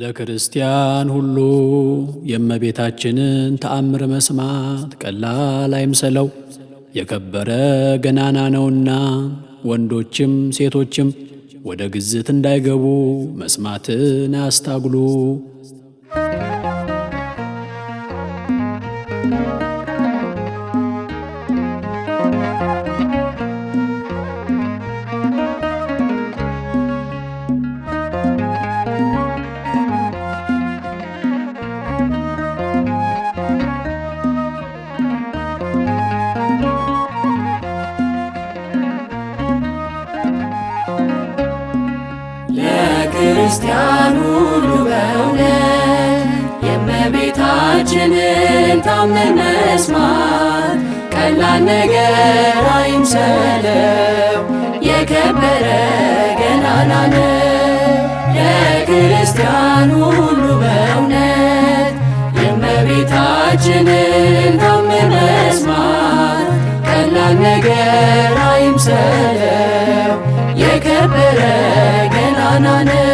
ለክርስቲያን ሁሉ የእመቤታችንን ተአምር መስማት ቀላል አይምሰለው፣ የከበረ ገናና ነውና። ወንዶችም ሴቶችም ወደ ግዝት እንዳይገቡ መስማትን አያስታግሉ። ለክርስቲያን ሁሉ በእውነት የእመቤታችንን ታምነን መስማት ቀላል ነገር አይምሰለው፣ የከበረ ገናና ነው። ለክርስቲያን ሁሉ በእውነት የእመቤታችንን tanem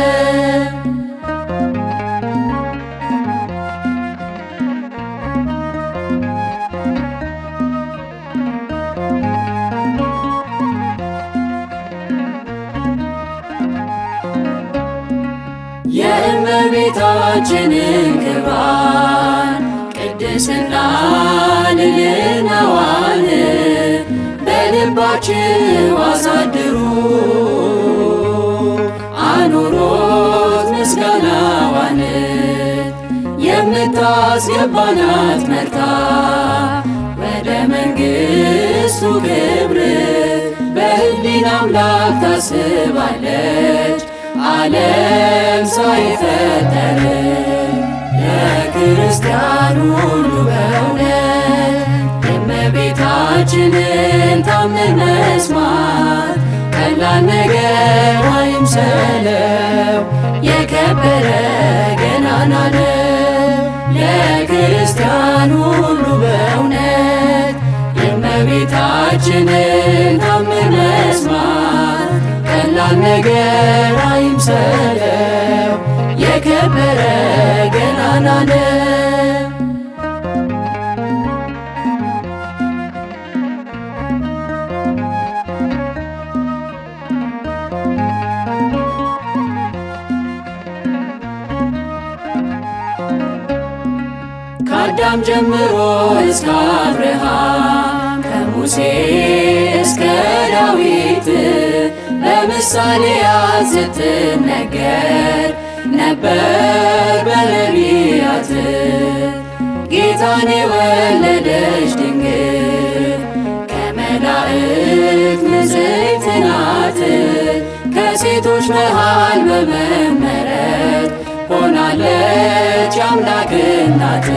የእመቤታችንን ክብር ቅድስና ልልነዋል በልባችሁ አሳድሩ ዋን የምታስገባናት መርታ ወደ መንግሥቱ ክብር በሕሊና አምላክ ታስባለች ዓለም ሳይፈጠር ለክርስቲያን ሁሉ በእውነት እመቤታችንን ታምር መስማት ቀላል ነገር አይምሰለን። ምስጋናነ ለክርስቲያን ሁሉ በእውነት የእመቤታችንን ታምር መስማት ቀላል ነገር አይምሰለው የከበረ ገናና ከአዳም ጀምሮ እስከ አብርሃም ከሙሴ እስከ ዳዊት በምሳሌያት ስትነገር ነበር በነቢያት ጌታን የወለደች ድንግል ከመላእክት ንጽሕት ናት። ከሴቶች መሃል በመመረጥ ሆናለች የአምላክ እናት።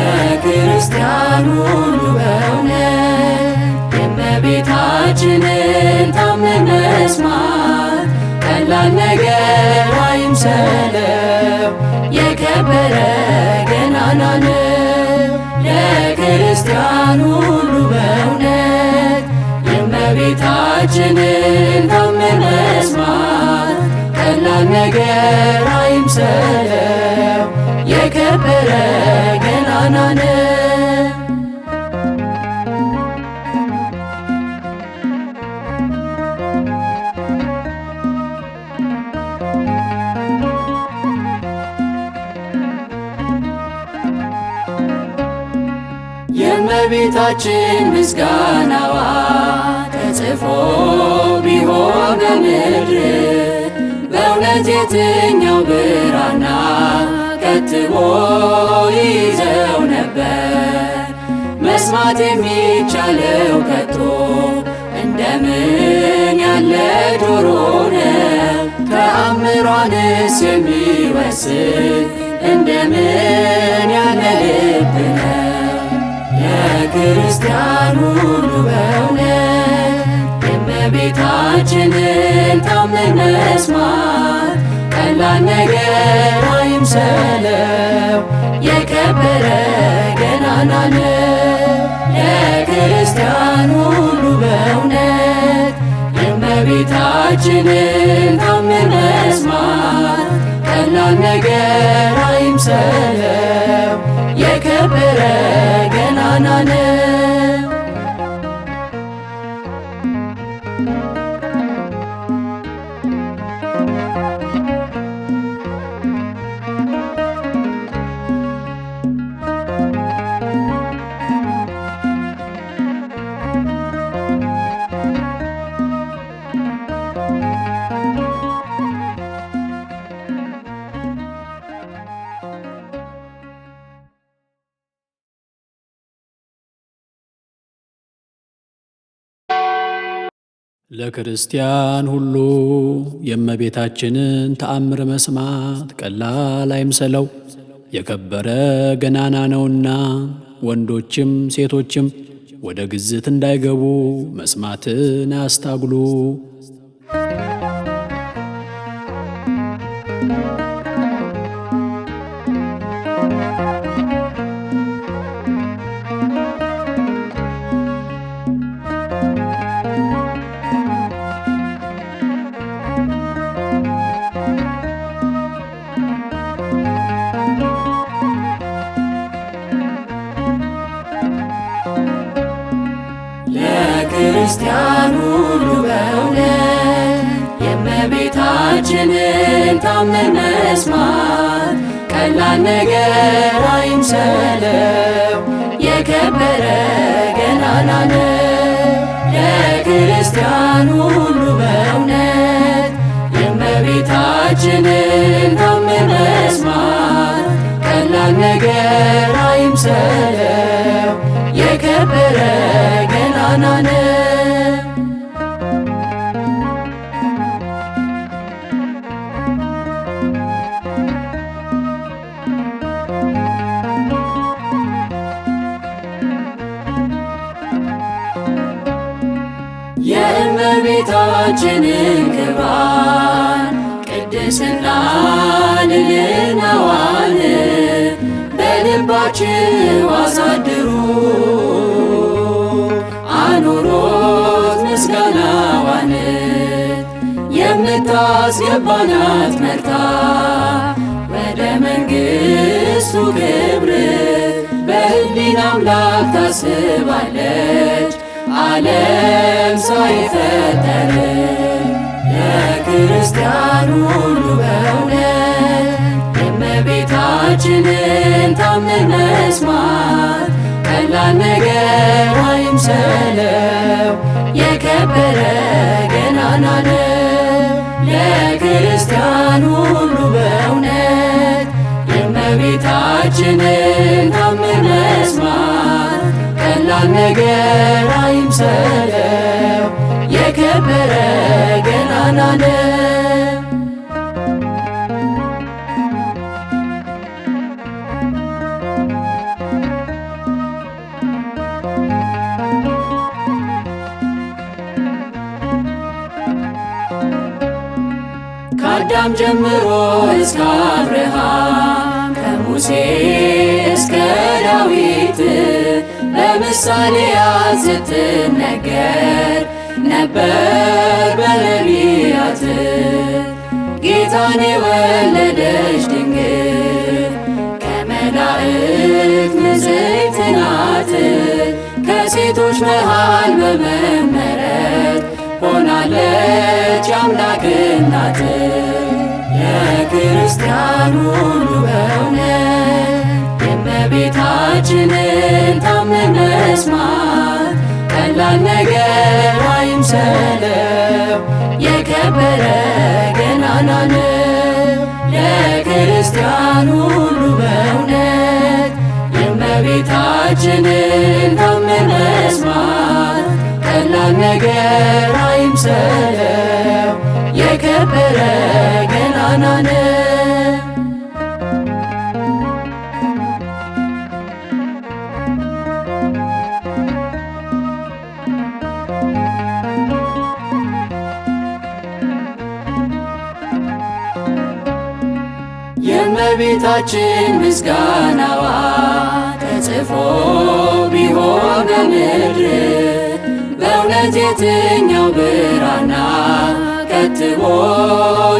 ለክርስቲያኑ ሁሉ በእውነት የእመቤታችንን ታምር መስማት ቀላል ነገር አይምሰለው፣ የከበረ ገናና ነው ለክርስቲያኑ ሁሉ በእውነት የእመቤታችንን ታምር መስማት ቀላል ነገር አይምሰለው የከበረ ምስጋና ነው። የእመቤታችን ምስጋናዋ ተጽፎ ቢሆን በምድር በእውነት የትኛው ብራና ተፈትቦ ይዘው ነበር መስማት የሚቻለው ከቶ እንደምን ያለ ጆሮ ነው? ከአእምሯንስ የሚወስድ እንደምን ያለ ልብ ነው? የክርስቲያን ሁሉ በእውነት የእመቤታችንን ታምነን መስማት ቀላል ነገር አይምሰለው፣ የከበረ ገናና ነው ለክርስቲያን ሁሉ በእውነት የእመቤታችንን ታምር መስማት ቀላል ነገር አይምሰለው፣ የከበረ ገናና ነው። ለክርስቲያን ሁሉ የእመቤታችንን ተአምር መስማት ቀላል አይምሰለው፣ የከበረ ገናና ነውና ወንዶችም ሴቶችም ወደ ግዝት እንዳይገቡ መስማትን አያስታጉሉ። ለክርስቲያን ሁሉ በእውነት የእመቤታችንን ታምር መስማት ቀላል ነገር አይምሰለው፣ የከበረ ገናና ነው። ለክርስቲያን ሁሉ በእውነት የእመቤታችንን ልባችንን ክብሯን ቅድስና ልልነዋን በልባችሁ አሳድሩ አኑሮት ምስጋናዋን የምታስገባናት መርታ ወደ መንግሥቱ ክብር በህሊና አምላክ ታስባለች ዓለም ሳይፈጠር ለክርስቲያኑ ሁሉ በእውነት የእመቤታችንን ታምር መስማት ቀላል ነገር አይምሰለው፣ የከበረ ገናና ነው ለክርስቲያኑ ሁሉ በእውነት የእመቤታችንን ታምር መስማት ቀላል ነገር ሰላም የከበረ ገናናነ ከአዳም ጀምሮ እስከ አብርሃም ከሙሴ እስከ ዳዊት ምሳሌ ስትነገር ነበር በነቢያት ጌታን የወለደች ድንግል ከመላእክት ንጽሕት ናት። ከሴቶች መሃል በመመረጥ ሆናለች አምላክ እናት ለክርስቲያን ሁሉ በእውነት የእመቤታችንን መስማት ቀላል ነገር አይምሰለው የከበረ ገናና ነው ለክርስቲያን ሁሉ በእውነት የእመቤታችንን ታምር መስማት ቀላል ነገር አይምሰለው የከበረ ገናና ነው የእመቤታችን ምስጋናዋ ተጽፎ ቢሆን በምድር በእውነት የትኛው ብራና ከትቦ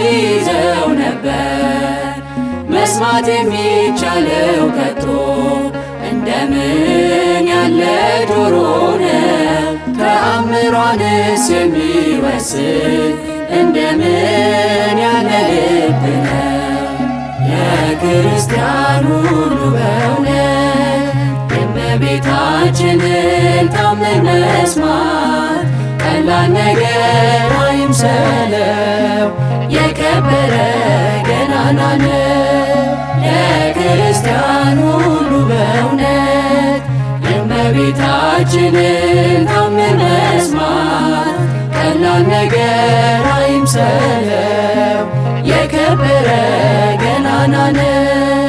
ይዘው ነበር መስማት የሚቻለው ከቶ እንደምን ያለ ጆሮ ነው? ከአእምሯንስ የሚወስድ እንደምን ያለ ልብ ነው? ክርስቲያን ሁሉ በእውነት የእመቤታችንን ታምር መስማት ቀላል ነገር አይምሰለው፣ የከበረ ገናና ነው። ለክርስቲያን ሁሉ በእውነት የእመቤታችንን ታምር መስማት ቀላል ነገር አይምሰለው የከበረ ገናና ነው።